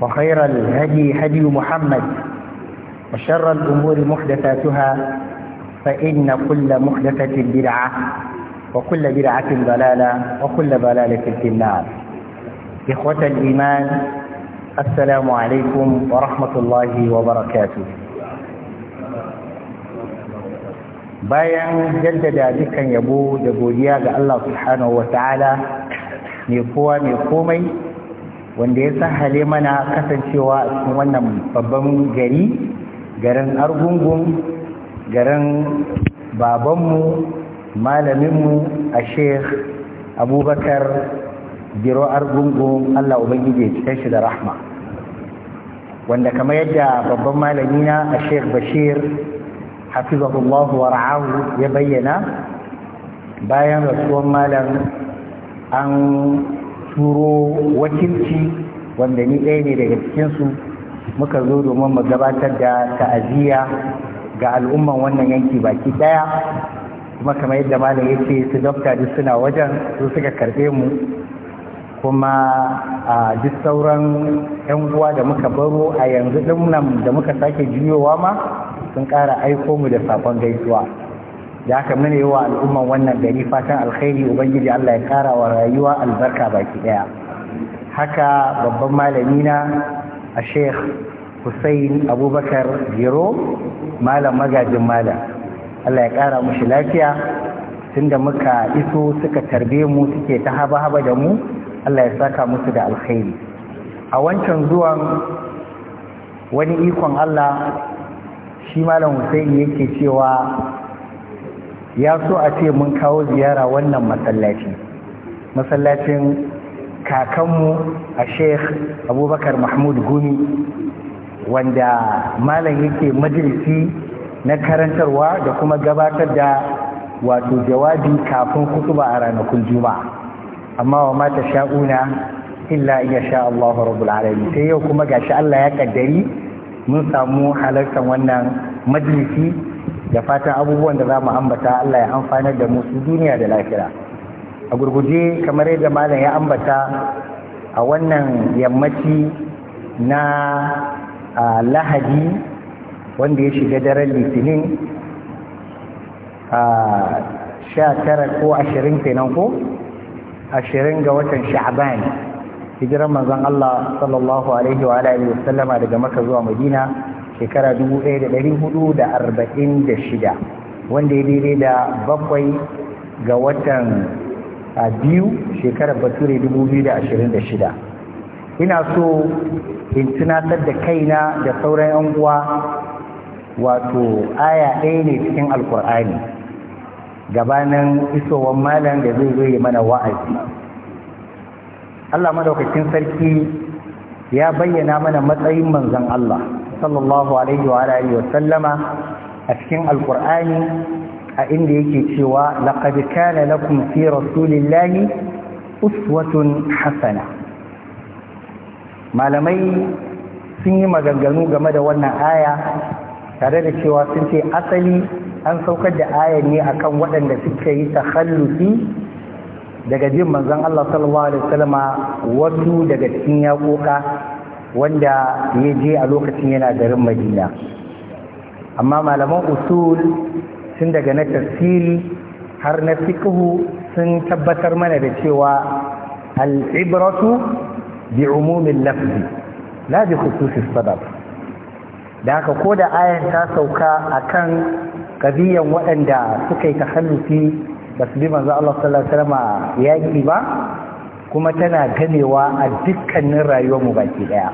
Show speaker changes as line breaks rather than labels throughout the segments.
وخير الهدي هدي محمد وشر الأمور محدثاتها فإن كل محدثة بدعة وكل بدعة ضلالة وكل ضلالة في النار إخوة الإيمان السلام عليكم ورحمة الله وبركاته bayan jaddada dukkan yabo da godiya ga Allah subhanahu wa ta'ala ne kowa mai komai wanda ya sahale mana kasancewa cikin wannan babban gari garin argungun garin babanmu malaminmu a sheikh abubakar biro argungun allah ubangiji cikin shi da rahma wanda kamar yadda babban malamina a sheikh bashir hafizahullahu wa ra'ahu ya bayyana bayan rasuwan malam an turo wakilci wanda ni ɗaya ne daga cikinsu muka zo domin mu gabatar da ta'aziyya ga al'umman wannan yanki baki ɗaya kuma kamar yadda malam ya ce su dokta duk suna wajen su suka karɓe mu kuma a duk sauran 'yan uwa da muka baro a yanzu ɗin nan da muka sake juyowa ma sun ƙara aiko mu da sakon gaisuwa da aka mune yi wa al'umman wannan gari fatan alkhairi ubangiji Allah ya kara wa rayuwa albarka baki daya haka babban malami na a sheikh Hussein Abubakar Gero malam magajin malam Allah ya kara mushi lafiya tunda muka iso suka tarbe mu suke ta haba-haba da mu Allah ya saka musu da alkhairi a wancan zuwan wani ikon Allah shi malam Hussein yake cewa ya so a ce mun kawo ziyara wannan masallaci masallacin kakanmu a sheikh abubakar mahmud gumi wanda malam yake majalisi na karantarwa da kuma gabatar da wato jawabi kafin kutuba a ranakun juma'a amma wa mata sha'una illa iya sha Allah rabu alamin sai yau kuma gashi Allah ya kaddari mun samu halartar wannan majalisi da fatan abubuwan da za mu ambata Allah ya amfanar da mu su duniya da lafira. a gurguje kamar yadda malam ya ambata a wannan yammaci na lahadi wanda ya shiga daren litinin a sha tara ko ashirin kenan ko ashirin ga watan sha'ban hijiran manzon Allah sallallahu alaihi wa alihi wasallama daga maka zuwa madina shekara da arba'in 1446 wanda ya daidai da bakwai ga watan biyu shekarar bature shida. ina so in tunatar da kaina da sauran 'yan uwa wato aya ɗaya ne cikin alkur'ani gabanin isowar malam da zai zo yi mana wa'azi allah madaukakin sarki ya bayyana mana matsayin manzon allah sallallahu alaihi wa alihi wa sallama a cikin alqur'ani a inda yake cewa laqad kana lakum fi rasulillahi uswatun hasana malamai sun yi maganganu game da wannan aya tare da cewa sun ce asali an saukar da ayar ne akan waɗanda suka yi takhallufi daga jin manzon Allah sallallahu alaihi wasallama wasu daga cikin yaƙoƙa wanda ya je a lokacin yana garin madina amma malaman usul sun daga na tafsiri har na fikihu sun tabbatar mana da cewa al'ibratu bi umumin lafzi la bi khususis sabab da haka ko da ayan ta sauka a kan kabiyan waɗanda suka yi hannufi ba su bi manzo Allah sallallahu alaihi wasallam yaki ba kuma tana ganewa a dukkanin rayuwarmu baki daya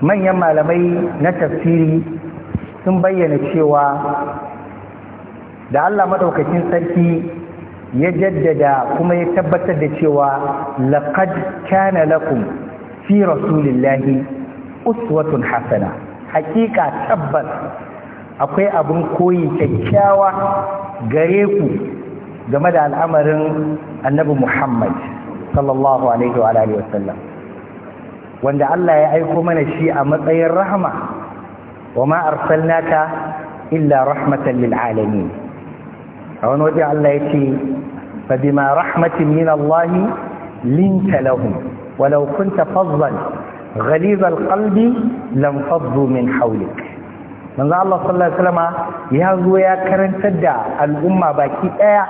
manyan malamai na tafsiri sun bayyana cewa da Allah madaukakin sarki ya jaddada kuma ya tabbatar da cewa laqad kana lakum fi rasulillahi uswatun hasana hakika tabbas akwai abin koyi kyakkyawa gare ku game da al'amarin annabi muhammad sallallahu alaihi wa alihi wasallam wanda Allah ya aiko mana shi a matsayin rahama wa ma arsalnaka illa rahmatan lil alamin a wani waje Allah ya ce fa bima rahmatin min Allah linta lahum walau kunta fazzan غليظ القلب لم فضوا من حولك manzo Allah sallallahu alaihi ya zo ya karantar da al'umma baki ɗaya.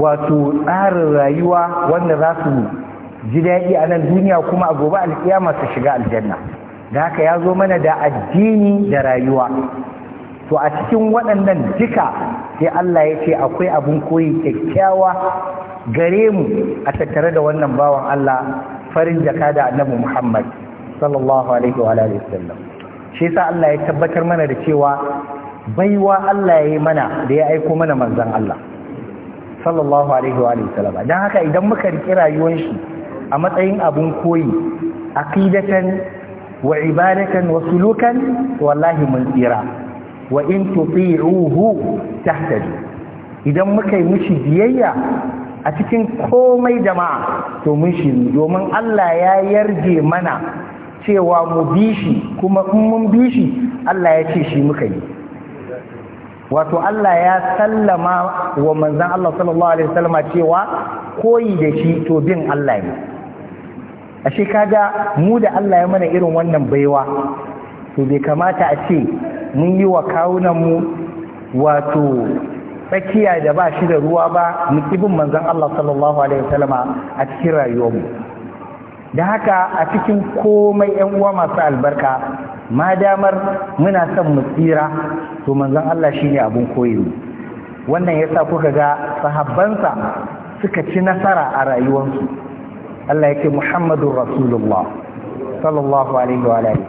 wato tsarin rayuwa wanda za su ji daɗi a nan duniya kuma a gobe alkiyama su shiga aljanna da haka ya zo mana da addini da rayuwa to a cikin waɗannan duka sai Allah ya ce akwai abin koyi kyakkyawa gare mu a tattare da wannan bawan Allah farin jaka da annabi Muhammad sallallahu alaihi wa alihi wasallam shi yasa Allah ya tabbatar mana da cewa baiwa Allah ya yi mana da ya aiko mana manzon Allah sallallahu alaihi wa sallama don haka idan muka riki rayuwar shi a matsayin abun koyi aqidatan wa ibadatan wa sulukan wallahi mun tsira wa in tuti'uhu tahtaju idan muka yi mishi biyayya a cikin komai jama'a to mun shi domin Allah ya yarje mana cewa mu bi shi kuma in mun bi shi Allah ya ce shi muka yi wato Allah ya sallama wa manzan Allah sallallahu alaihi wasallama cewa koyi da shi to bin Allah ne ashe kaga mu da Allah ya mana irin wannan baiwa to bai kamata a ce mun yi wa kawunan mu wato tsakiya da ba shi da ruwa ba mu bin manzan Allah sallallahu alaihi wasallama a cikin mu da haka a cikin komai yan uwa masu albarka ma damar muna son mu tsira to manzon Allah shine abun koyo. wannan yasa kuka ga sahabbansa suka ci nasara a rayuwarsu Allah yake Muhammadur Rasulullah sallallahu alaihi wa alihi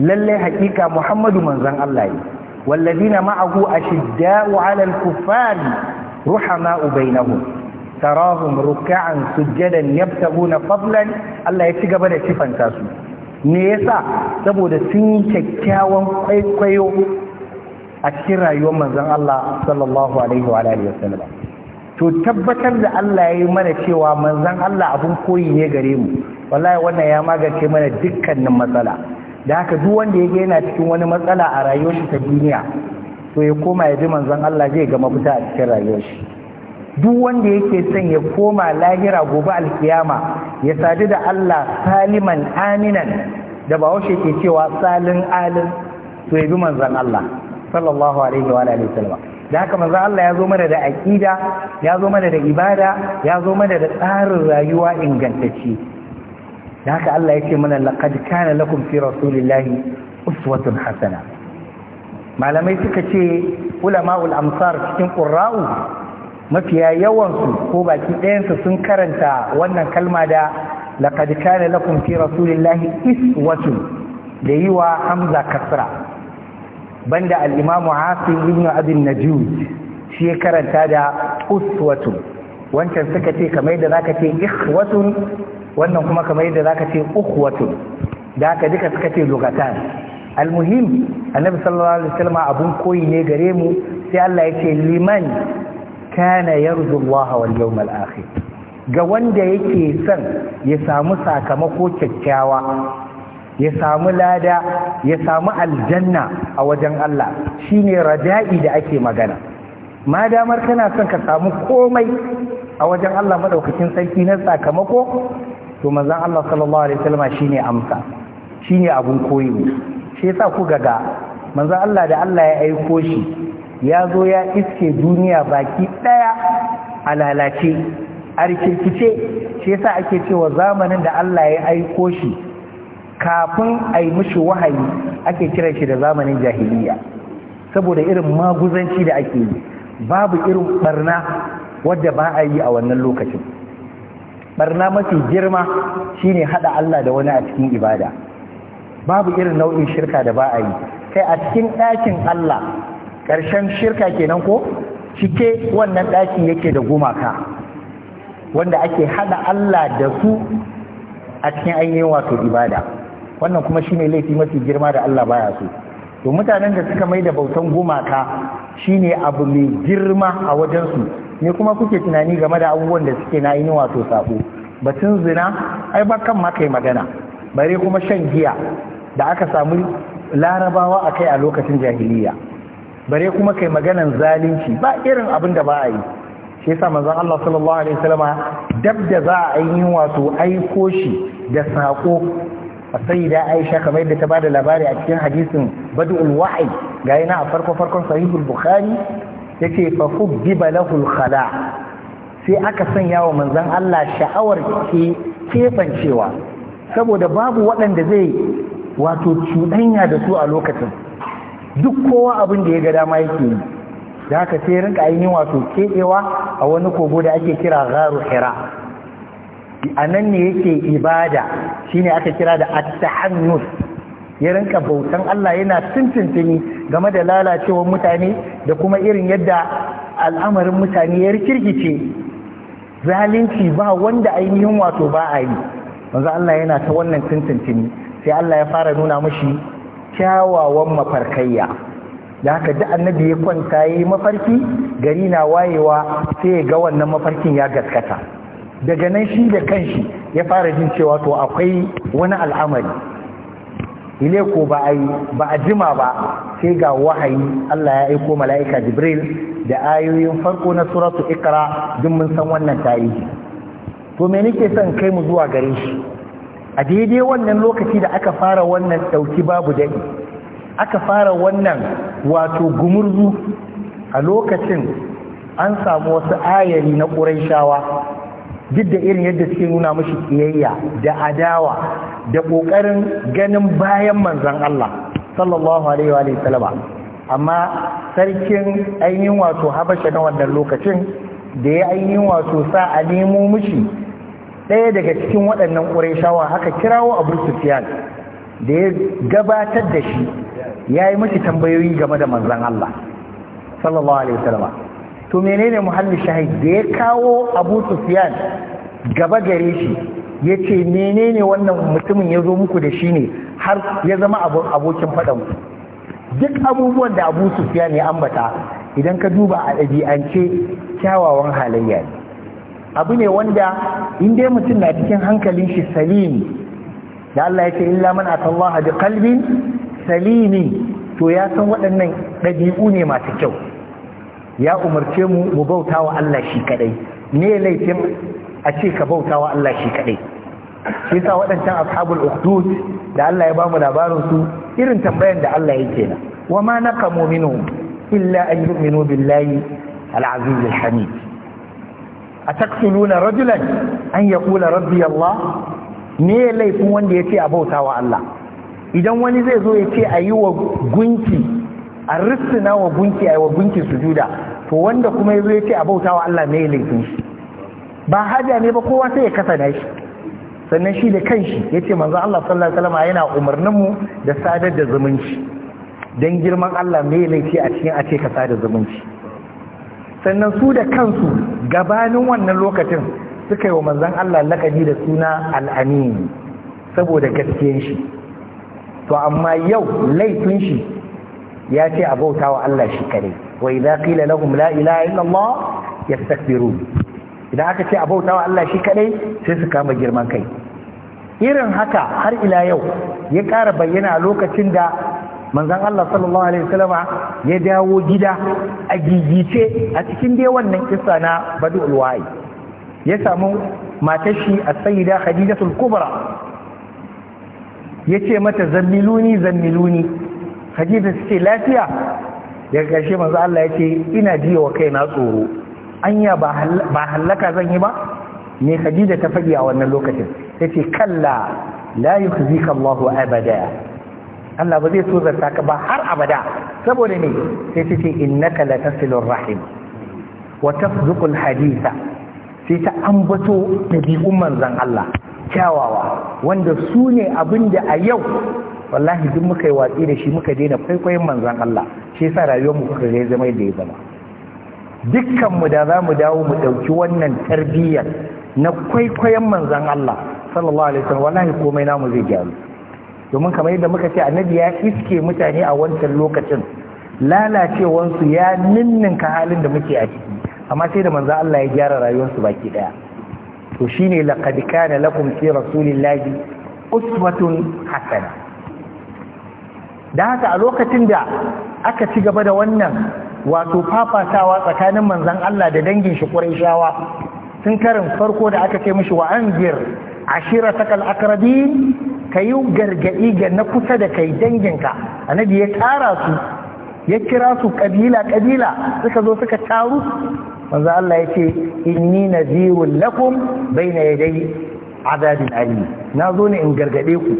lalle hakika Muhammadu manzon Allah ne walladina ma'ahu ashidda'u 'alal kuffari ruhama'u bainahum tarahum ruk'an sujjadan yabtaguna fadlan Allah ya ci gaba da sifanta su me sa saboda sun yi kyakkyawan kwaikwayo a cikin rayuwar manzan Allah sallallahu alaihi wa alihi to tabbatar da Allah ya yi mana cewa manzan Allah abun koyi ne gare mu wallahi wannan ya magance mana dukkanin matsala da haka duk wanda ya ga yana cikin wani matsala a rayuwar shi ta duniya to ya koma ya ji manzan Allah zai ga mafita a cikin rayuwar shi duk wanda yake son ya koma lahira gobe alkiyama ya sadu da Allah saliman aminan da ba washe ke cewa salin alin to ya bi manzan Allah sallallahu alaihi wa alihi wasallam da haka manzan Allah ya zo mana da aqida ya zo mana da ibada ya zo mana da tsarin rayuwa ingantacce da haka Allah ya ce mana laqad kana lakum fi rasulillahi uswatun hasana malamai suka ce ulama'ul amsar cikin qurra'u mafiya yawansu ko baki ɗayansu sun karanta wannan kalma da laqad kana lakum fi rasulillahi iswatun da yi wa hamza kasra banda al'imamu hasim ibn abin najud shi ya karanta da uswatun wancan suka ce kamar yadda zaka ce ikhwatun wannan kuma kamar yadda zaka ce ukhwatun da haka duka suka ce lugatan almuhim annabi sallallahu alaihi wasallam abun koyi ne gare mu sai Allah ya ce liman kana yarzu Allah wal yawmal akhir ga wanda yake son ya samu sakamako kyakkyawa ya samu lada ya samu aljanna a wajen Allah shine raja'i da ake magana ma damar kana son ka samu komai a wajen Allah madaukakin sarki na sakamako to manzon Allah sallallahu alaihi wasallam shine amsa shine abun koyi shi yasa ku ga manzon Allah da Allah ya aiko shi ya zo ya iske duniya baki ɗaya a lalace a rikirkice shi yasa ake cewa zamanin da Allah ya aiko shi kafin a yi mishi wahayi ake kiran shi da zamanin jahiliya saboda irin maguzanci da ake yi babu irin barna wadda ba a yi a wannan lokacin barna mafi girma shi ne haɗa Allah da wani a cikin ibada babu irin nau'in shirka da ba a yi kai a cikin ɗakin Allah ƙarshen shirka kenan ko cike wannan ɗaki yake da gumaka wanda ake hada Allah da su a cikin ainihin wato ibada wannan kuma shine laifi mafi girma da Allah baya su. to mutanen da suka mai da bautan gumaka shine abu mai girma a wajen su, ne kuma kuke tunani game da abubuwan da suke na ainihin wato sabo batun zina ai ba kan ma kai magana bare kuma shan giya da aka samu larabawa a kai a lokacin jahiliya bare kuma kai maganan zalunci ba irin abin da ba a yi shi yasa manzon Allah sallallahu alaihi wasallama dab da za a yi wato aiko shi da sako sayyida Aisha kamar yadda ta bada labari a cikin hadisin Badul Wa'i ga yana a farko farkon sahihul Bukhari yace fa hubbiba lahu khala sai aka sanya wa manzon Allah sha'awar ke kefancewa saboda babu waɗanda zai wato cuɗanya da su a lokacin duk kowa abin da ya ga dama yake yi da haka sai rinka ainihin wato keɓewa a wani kogo da ake kira gharu hira a nan ne yake ibada shine aka kira da at ya rinka bautan Allah yana tuntuntuni game da lalacewar mutane da kuma irin yadda al'amarin mutane ya rikirkice zalunci ba wanda ainihin wato ba a yi manzo Allah yana ta wannan tuntuntuni sai Allah ya fara nuna mashi kyawawan mafarkayya da haka da annabi ya kwanta ya yi mafarki gari na wayewa sai ya ga wannan mafarkin ya gaskata daga nan shi da kanshi ya fara jin cewa to akwai wani al'amari ile ko ba a yi ba a jima ba sai ga wahayi Allah ya aiko mala'ika Jibril da ayoyin farko na suratu Ikra duk mun san wannan tarihi to me nake son kai mu zuwa gare shi a daidai wannan lokaci da aka fara wannan ɗauki babu daɗi aka fara wannan wato gumurzu a lokacin an samu wasu ayari na ƙuraishawa duk da irin yadda suke nuna mashi ƙiyayya da adawa da ƙoƙarin ganin bayan manzan Allah sallallahu alaihi wa sallama amma sarkin ainihin wato habasha na wannan lokacin da ya ainihin wato sa a nemo mashi ɗaya daga cikin waɗannan ƙurayshawa haka kirawo abu sufiyan da ya gabatar da shi ya yi mashi tambayoyi game da manzan Allah sallallahu alaihi wasallama to menene muhallin shahid da ya kawo abu sufiyan gaba gare shi ya ce menene wannan mutumin ya zo muku da shi ne har ya zama abokin faɗanku duk abubuwan da abu sufiyan ya ambata idan ka duba a ɗabi'ance kyawawan halayya ne abu ne wanda in dai mutum na cikin hankalin shi salimi da Allah ya ce illa man kan da kalbi salimi to ya san waɗannan ɗabi'u ne masu kyau ya umarce mu mu bauta wa Allah shi kadai ne laifin a ce ka bauta wa Allah shi kadai shi sa waɗancan ashabul ukhdud da Allah ya bamu labarin su irin tambayan da Allah yake na wa ma naqamu minhum illa an yu'minu billahi al azizil hamid a taktuluna rajulan an ya kula rabbiyallah ne laifin wanda ya ce a bauta wa Allah idan wani zai zo ya ce a yi wa gunki a rissina wa gunki a yi wa gunki sujuda to wanda kuma ya zo ya ce a bauta wa Allah ne laifin shi ba haja ne ba kowa sai ya na shi sannan shi da kanshi ya ce manzo Allah sallallahu alaihi wasallam yana umarninmu da sadar da zumunci dan girman Allah mai laifi a cikin a ce ka sada zumunci sannan su da kansu gabanin wannan lokacin suka yi wa manzan Allah lakabi da suna al'amin saboda gaskiyar shi to amma yau laifin shi ya ce a bauta wa Allah shi kare wa idza qila lahum la ilaha ya yastakbirun idan aka ce a bauta wa Allah shi kare sai su kama girman kai irin haka har ila yau ya ƙara bayyana lokacin da manzon Allah sallallahu alaihi wasallama ya dawo gida a gigice a cikin dai wannan kissa na badu'uwa. wa'i ya samu matar shi a sayida khadijatul kubra yace mata zammiluni zammiluni khadija ce lafiya daga ƙarshe manzo Allah yace ina ji wa na tsoro anya ba hallaka zan yi ba me khadija ta faɗi a wannan lokacin tace kalla la yukhzika Allahu abada Allah ba zai tozarta ka ba har abada saboda ne sai ta ce innaka la tasilur rahim wa tafzuqul haditha sai ta ambato dabi'un manzan Allah kyawawa wanda su ne abin da a yau wallahi duk muka yi watsi da shi muka daina kwaikwayon manzon Allah shi yasa rayuwar mu kuka zai zama yadda ya zama dukkan mu da mu dawo mu dauki wannan tarbiyyar na kwaikwayon manzon Allah sallallahu alaihi wasallam wallahi komai namu zai gyaru domin kamar yadda muka ce annabi ya iske mutane a wancan lokacin lalacewansu ya ninninka halin da muke a ciki amma sai da manzo Allah ya gyara rayuwarsu baki daya to shine laqad kana lakum fi rasulillahi uswatun hasana da haka a lokacin da aka ci gaba da wannan wato fafatawa tsakanin manzon Allah da dangin shi Qurayshawa sun karin farko da aka ce mishi wa anzir ashiratakal al-aqrabin ka yi gargaɗi ga na kusa da kai danginka annabi ya tara su ya kira su kabila kabila suka zo suka taru manzo Allah ya ce inni nazirun lakum baina yadai azabin ali na zo ne in gargaɗe ku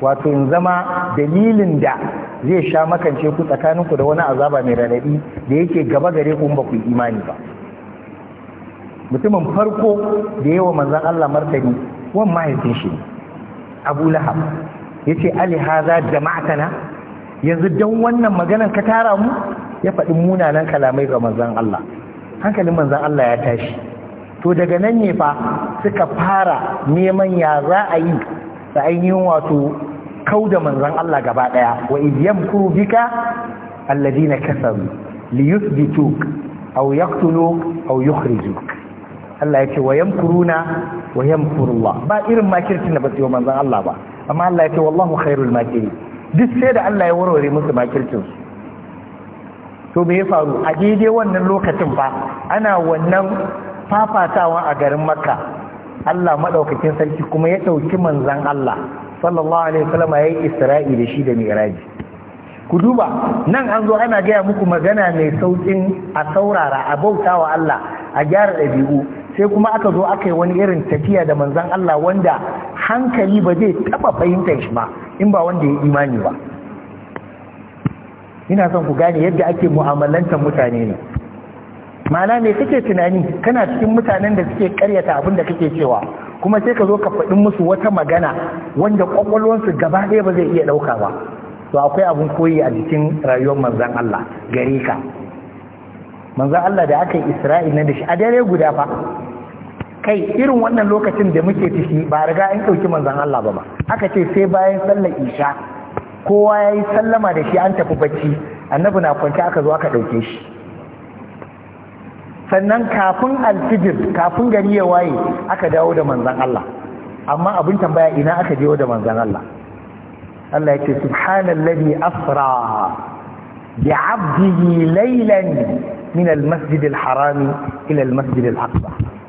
wato in zama dalilin da zai sha makance ku tsakaninku da wani azaba mai raɗaɗi da yake gaba gare ku ba ku imani ba mutumin farko da yawa manzan Allah martani wan mahaifin shi ne abu lahab ya ce alihaza jama'atana yanzu don wannan maganan ka tara mu ya faɗi munanan kalamai ga manzan Allah hankalin manzan Allah ya tashi to daga nan ne fa suka fara neman ya za a yi da ainihin wato kau da manzan Allah gaba ɗaya wa idiyan kuru bika alladina kasaru li bitu au yaqtuluk au yukhrijuk Allah ya ce wa yamkuruna wa yamkurullah ba irin makircin da ba su yi Manzan Allah ba amma Allah ya ce wallahu khairul makiri duk sai da Allah ya warware musu makircin su to me ya faru a daidai wannan lokacin fa ana wannan fafatawa a garin Makka Allah madaukakin sarki kuma ya ɗauki Manzan Allah sallallahu alaihi wasallam ya yi Isra'i da shi da Mi'raj ku duba nan an zo ana gaya muku magana mai saukin a saurara a bautawa Allah a gyara ɗabi'u sai kuma aka zo aka yi wani irin tafiya da manzan Allah wanda hankali ba zai taba fahimta shi ba in ba wanda ya imani ba ina son ku gane yadda ake mu'amalanta mutane ne mana me kake tunani kana cikin mutanen da suke karyata abin da kake cewa kuma sai ka zo ka faɗin musu wata magana wanda kwakwalwansu gaba ɗaya ba zai iya ɗauka ba to akwai abin koyi a jikin rayuwar manzan Allah gare ka manzo Allah da aka yi Isra'il na da shi a dare guda fa kai irin wannan lokacin da muke ciki ba riga an dauki manzon Allah ba ba aka ce sai bayan sallar isha kowa yayi sallama da shi an tafi bacci annabi na kwance aka zo aka ɗauke shi sannan kafin alfijir kafin gari ya waye aka dawo da manzon Allah amma abin tambaya ina aka je da manzon Allah Allah ya ce subhanallazi asra bi 'abdihi laylan min al-masjid haram ila al-masjid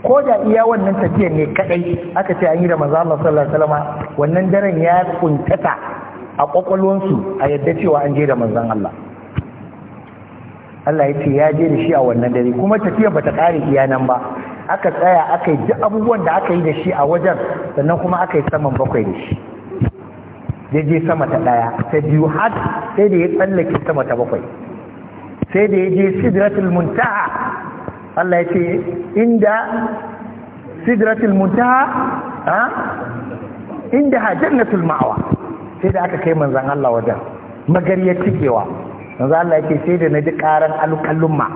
ko da iya wannan tafiyar ne kadai aka ce an yi da manzo sallallahu alaihi wasallam wannan daren ya kuntata a kwakwalwansu a yadda cewa an je da manzon Allah Allah ya ce ya je da shi a wannan dare kuma tafiyar bata kare iya nan ba aka tsaya aka yi duk abubuwan da aka yi da shi a wajen sannan kuma aka yi saman bakwai da shi ya je sama ta daya ta biyu har sai da ya tsallake sama ta bakwai sai da ya je sidratul muntaha Allah ya ce inda sidratul muntaha ha inda jannatul ma'wa sai da aka kai manzan Allah wajen magariyar cikewa manzan Allah ya ce sai da na ji karan alƙalumma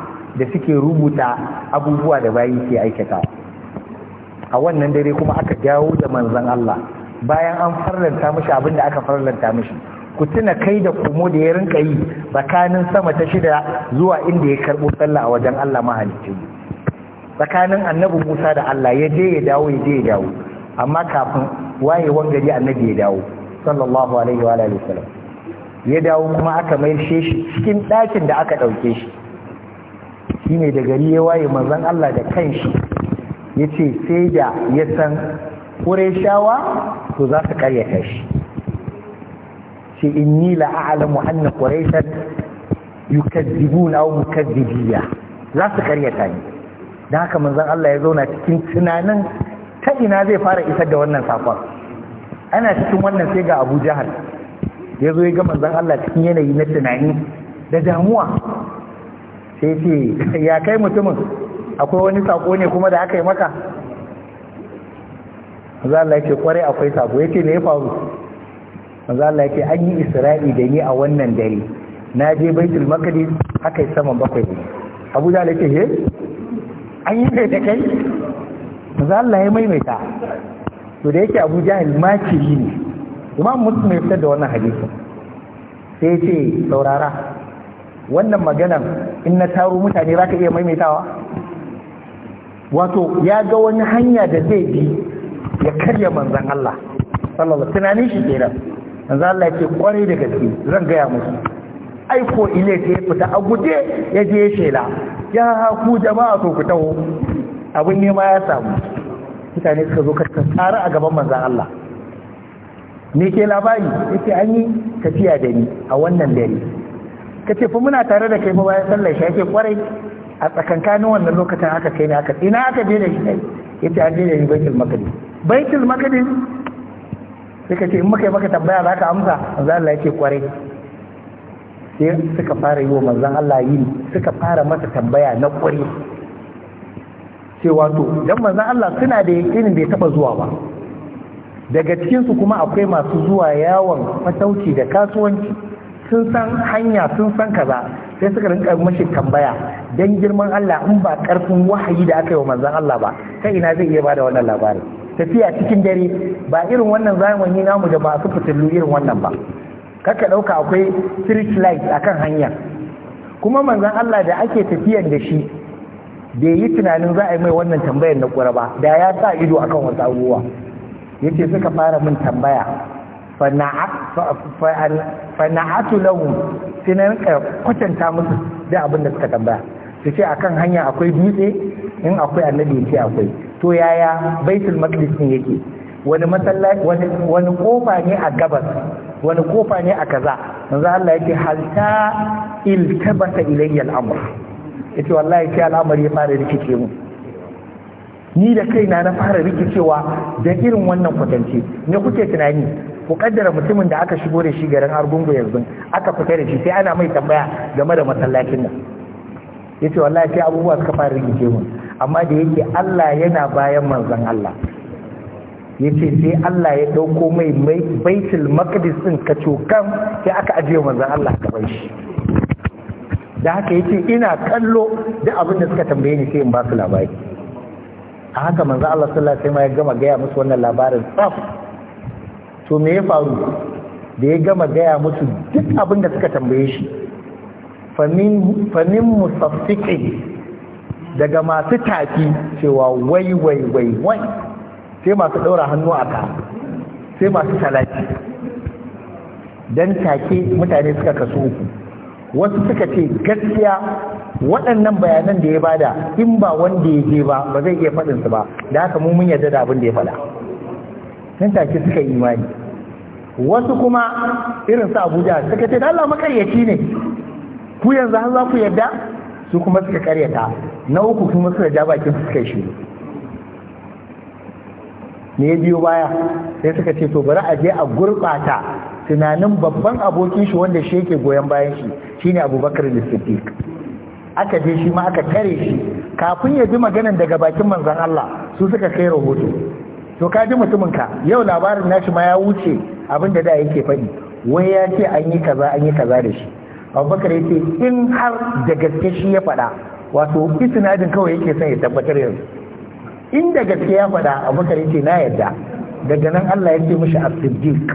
da suke rubuta abubuwa da bayi ke aikata a wannan dare kuma aka dawo da manzan Allah bayan an farlanta mashi abin da aka farlanta mashi ku tuna kai da kumo da ya rinka yi tsakanin sama ta shida zuwa inda ya karɓo sallah a wajen Allah mahalicci tsakanin annabi Musa da Allah ya je ya dawo ya je ya dawo amma kafin wayewan gari annabi ya dawo sallallahu alaihi wa alihi wasallam ya dawo kuma aka mai shi cikin ɗakin da aka ɗauke shi shine da gari ya waye manzon Allah da kanshi yace sai da ya san kure shawa to za su karyata shi ce inni la a'lamu yi quraishan na wani mukazzibiya za su karyata ne da haka manzan Allah ya zauna cikin tunanin ta ina zai fara isar da wannan safon ana cikin wannan sai ga Abu jihar ya zo ya ga manzan Allah cikin yanayi na tunani da damuwa sai ce ya kai mutumin akwai wani sako ne kuma da aka yi maka za Allah ya ce kwarai akwai sako ya ce ne ya faru Maza Allah yake an yi isra'i da ni a wannan dare na je baitul maqdis akai saman bakwai ne Abu Jahl yake he an yi da kai Maza Allah ya maimaita to da yake Abu Jahl yi ne Imam Muslim ya fitar da wannan hadisi sai ce saurara wannan maganan in na taro mutane zaka iya maimaitawa wato ya ga wani hanya da zai bi ya karya manzan Allah sallallahu alaihi tunanin shi kenan yanzu Allah ya ce kwarai da gaske zan gaya musu aiko ile ta ya fita a guje ya je shela ya ku jama'a to ku taho abin nema ya samu mutane suka zo karkar tsara a gaban manzan Allah ne ke labari yake an yi tafiya da ni a wannan dare ka ce fa muna tare da kai bayan sallar shi yake kwarai a tsakankanin wannan lokacin aka kai ne aka ina aka je da shi ce an je da ni baitul maqdis baitul maqdis sai ce in muka yi maka tambaya za ka amsa manzan Allah ya ce kwarai sai suka fara yi wa manzan Allah yi suka fara masa tambaya na kware cewa to dan manzan Allah suna da yakinin bai taba zuwa ba daga cikinsu kuma akwai masu zuwa yawon fatauci da kasuwanci sun san hanya sun san kaza sai suka rinka mashi tambaya don girman Allah in ba karfin wahayi da aka yi wa manzan Allah ba ta ina zai iya bada wannan labarin tafiya cikin dare ba irin wannan zamani namu da masu fitilu irin wannan ba kaka ɗauka akwai street light akan hanya kuma manzon Allah da ake tafiyan da shi bai yi tunanin za a yi mai wannan tambayar na ƙura ba da ya sa ido akan wasu abubuwa yace suka fara min tambaya fana'atu lahum sai na kwatanta musu da abin da suka tambaya su ce akan hanya akwai dutse in akwai annabi ya ce akwai to yaya baitul maqdis ne yake wani masallaci wani kofa ne a gabas wani kofa ne a kaza manzo Allah yake halta iltabata ilayya al-amr yace wallahi sai al'amari ya fara rikice mu ni da kaina na fara rikicewa da irin wannan kwatance ne kuke tunani ku kaddara mutumin da aka shigo da shi garin Argungu yanzu aka fita da shi sai ana mai tambaya game da masallacin nan yace wallahi sai abubuwa suka fara rikice mu amma da yake Allah yana bayan manzon Allah yace sai Allah ya dauko mai baitul maqdis din kacokan sai aka aje manzon Allah ka bar shi da haka yace ina kallo da abin da suka tambaye ni sai in ba su labari a haka manzon Allah sallallahu alaihi wasallam ya gama gaya musu wannan labarin tsaf to me ya faru da ya gama gaya musu duk abin da suka tambaye shi famin musaffiki daga masu tafi cewa wai wai wai wai sai masu ɗaura hannu a ka sai masu talaki don take mutane suka kasu uku wasu suka ce gaskiya waɗannan bayanan da ya bada in ba wanda ya je ba ba zai iya faɗinsu ba da haka mun yarda da abin da ya faɗa nan take suka imani wasu kuma irin su abuja suka ce da Allah makaryaci ne ku yanzu har za ku yarda su kuma suka karyata na uku kuma suka ja bakin su suka shiru me ya biyo baya sai suka ce to bari a je a gurɓata tunanin babban abokin shi wanda shi yake goyon bayan shi shine abubakar siddiq aka je shi ma aka tare shi kafin ya ji maganan daga bakin manzon Allah su suka kai rahoto to ka ji mutumin ka yau labarin nashi ma ya wuce abinda da da yake faɗi wai ya ce an yi kaza an yi kaza da shi abubakar ya ce in har da gaske shi ya faɗa wato isnadin kawai yake son ya tabbatar yanzu in da gaske ya faɗa abubakar ya ce na yadda daga nan Allah ya ce mishi as-siddiq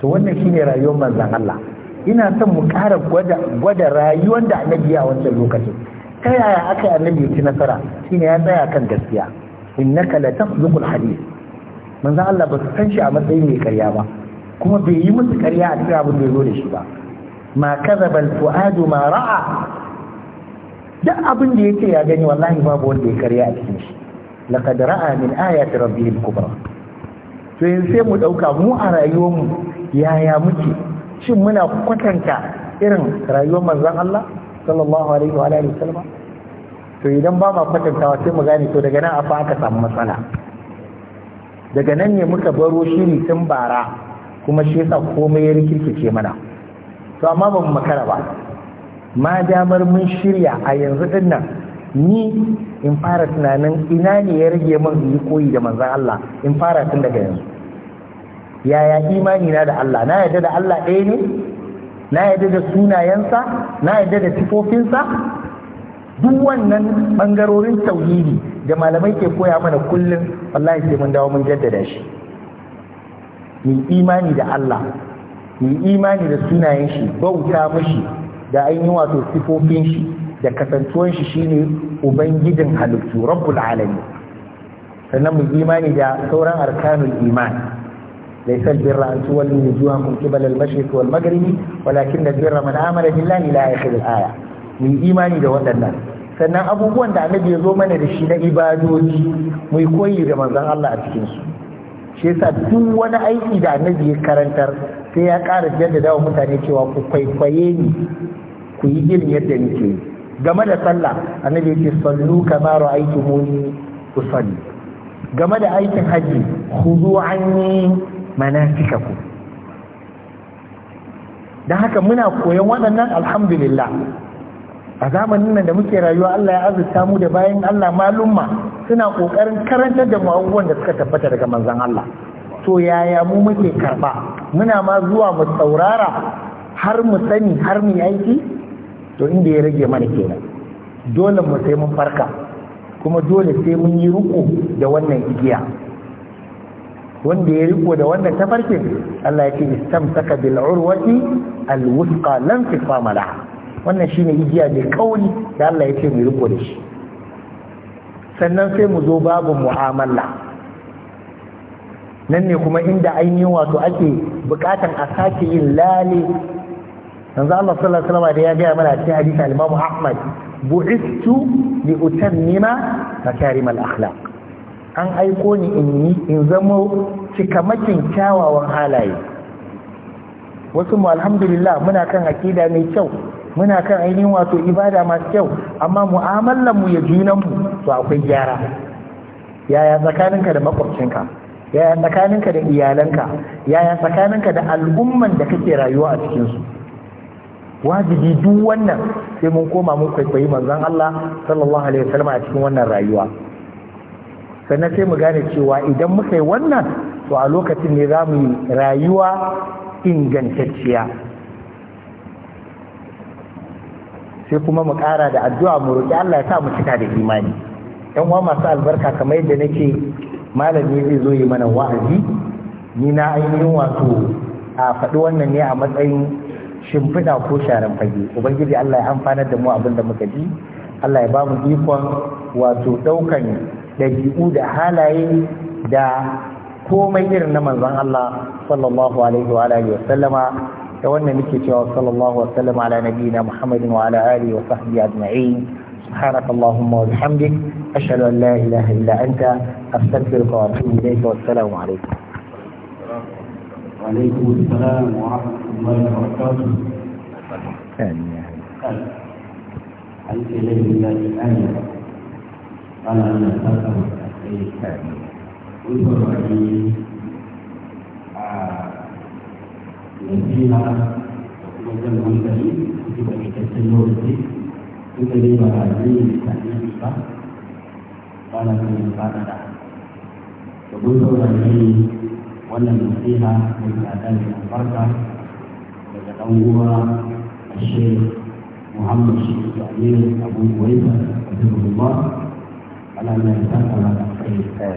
to wannan shine rayuwar manzon Allah ina son mu ƙara gwada rayuwar da annabi a wancan lokacin ta yaya aka annabi ya ci nasara shine ya tsaya kan gaskiya innaka la tafzuqul hadith manzon Allah ba su san shi a matsayin mai karya ba kuma bai yi musu ƙarya a cikin abin da ya zo da shi ba ma kazaba fu'adu ma ra'a duk abin da yake ya gani wallahi babu wanda ya ƙarya a cikin shi laqad ra'a min ayati al kubra to yanzu sai mu dauka mu a rayuwarmu yaya muke shin muna kwatanta irin rayuwar manzon Allah sallallahu alaihi wa alihi wasallam to idan ba ma kwatantawa sai mu gane to daga nan afa aka samu matsala daga nan ne muka baro shiri tun bara kuma shi komai ya rikirkice mana to amma ba mu makara ba ma damar mun shirya a yanzu din nan ni in fara tunanin ina ne ya rage mun yi koyi da manzon Allah in fara tun daga yanzu yaya imani na da Allah na yadda da Allah ɗaya ne na yadda da sunayensa na yadda da sifofinsa duk wannan ɓangarorin tauhidi da malamai ke koya mana kullum wallahi sai mun dawo mun jaddada shi mu imani da Allah mu imani da sunayen shi bauta mashi da ainihin wato sifofin shi da kasantuwan shi shine ubangijin halittu rabbul alamin sannan mu imani da sauran arkanul iman ليس البر أن تولوا وجوهكم قبل المشرق والمغرب ولكن البر من آمن بالله إلى آخر الآية من إيماني da waɗannan sannan abubuwan da annabi ya zo mana da shi na ibadoji mu koyi da manzon Allah a cikin su shi yasa duk wani aiki da annabi ya karantar sai ya ƙara jaddada wa mutane cewa ku kwaikwaye ni ku yi irin yadda nake yi game da sallah annabi ya ce sallu muni ku sani, game da aikin haji mana anni ku, dan haka muna koyon waɗannan alhamdulillah a zamanin nan da muke rayuwa Allah ya azurta mu da bayan Allah malumma suna kokarin karantar da mu abubuwan da suka tabbata daga manzon Allah to yaya mu muke karba muna ma zuwa mu saurara har mu sani har mu aiki to inda ya rage mana kenan dole mu sai mun farka kuma dole sai mun yi riko da wannan igiya wanda ya riko da wannan tafarkin Allah ya ce istamsaka bil urwati al wusqa lan tisama wannan shine igiya mai kauri da Allah ya ce mu riko da shi sannan sai mu zo babu mu'amala nan ne kuma inda ainihin wato ake bukatan a sake yin lale yanzu Allah sallallahu alaihi wasallam da ya gaya mana a cikin hadisi al-Imam Ahmad bu'istu li utammima makarim al-akhlaq an aiko ni in ni in zamo cikamakin kyawawan halaye wasu mu alhamdulillah muna kan akida mai kyau muna kan ainihin wato ibada masu kyau amma mu'amalar mu ya junan mu to akwai gyara yaya tsakaninka da makwabcinka yaya tsakaninka da iyalanka yaya tsakaninka da al'umman da kake rayuwa a cikinsu wajibi duk wannan sai mun koma mun kwaikwayi manzon Allah sallallahu alaihi wasallam a cikin wannan rayuwa sannan sai mu gane cewa idan muka yi wannan to a lokacin ne za mu yi rayuwa ingantacciya sai kuma mu ƙara da addu'a mu roƙi Allah ya sa mu cika da imani yan uwa masu albarka kamar yadda nake malami zai zo yi mana wa'azi ni na ainihin wato a faɗi wannan ne a matsayin shimfiɗa ko sharan fage ubangiji Allah ya amfanar da mu abin da muka ji Allah ya ba mu ikon wato ɗaukan ɗabi'u da halaye da komai irin na manzon Allah sallallahu alaihi wa alihi wa sallama da wannan وصلى الله وسلم على نبينا محمد وعلى آله وصحبه أجمعين سبحانك اللهم وبحمدك أشهد أن لا إله إلا أنت أستغفرك وأتوب إليك والسلام عليكم. وعليكم السلام ورحمة الله وبركاته. ثانية. أنت إليه بالله آمين. قال أنا ثانية. آمين. ويقول menghilang kemudian memberi itu bagi kita semua itu kita lima hari tak lima malam ini pada kebetulan ini wala nasiha min adan al barka wa tadawwa asy-syekh Muhammad Syekh Abdul Abu Waisa Abdulullah ala nasiha ala tafsir